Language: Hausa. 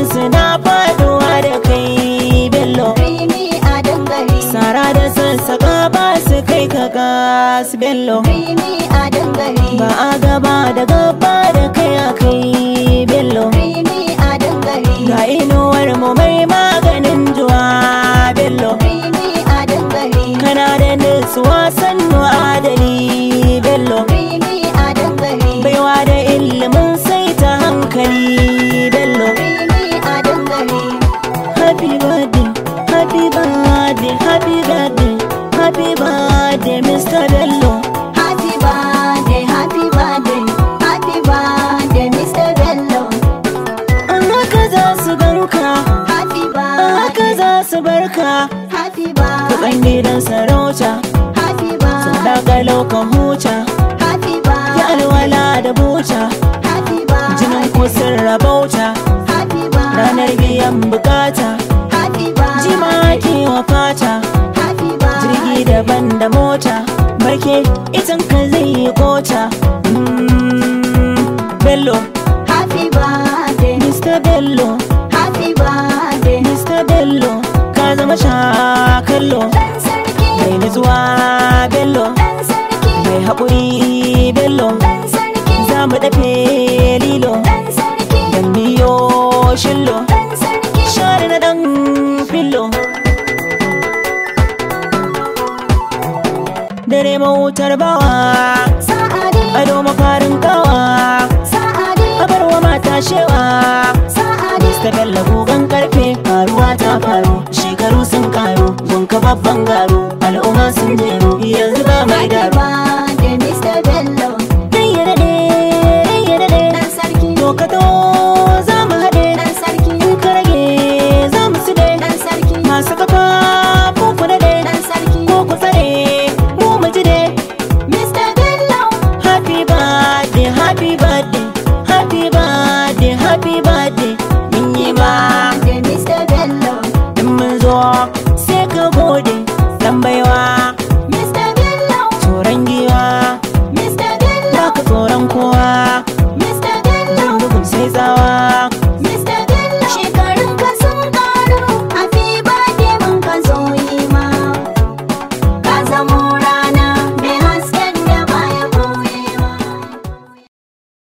dukansu na faduwa da kai bello a Sara da sassaƙa ba su kai ka gas bello a Ba a gaba da gaba da kai a kai bello birthday, happy birthday, happy birthday, Mr. Bello. Happy birthday, happy birthday, happy birthday, Mr. Bello. An kaza barka, happy birthday. happy birthday. sarauta, happy birthday. Sun da mota barke itan ka zai yi kota mm, bello happy birthday mr bello happy birthday mr bello ka zama shakallo mai nutsuwa bello mai haƙuri bello za mu dafe lilo dan biyo shillo share na dan fillo dare wutar bawa sa'adi ado mafarin kawa a wa mata shewa ta bella gogon karfe faruwa ta faru shekaru sun karu gunka babban garo al'umma sun je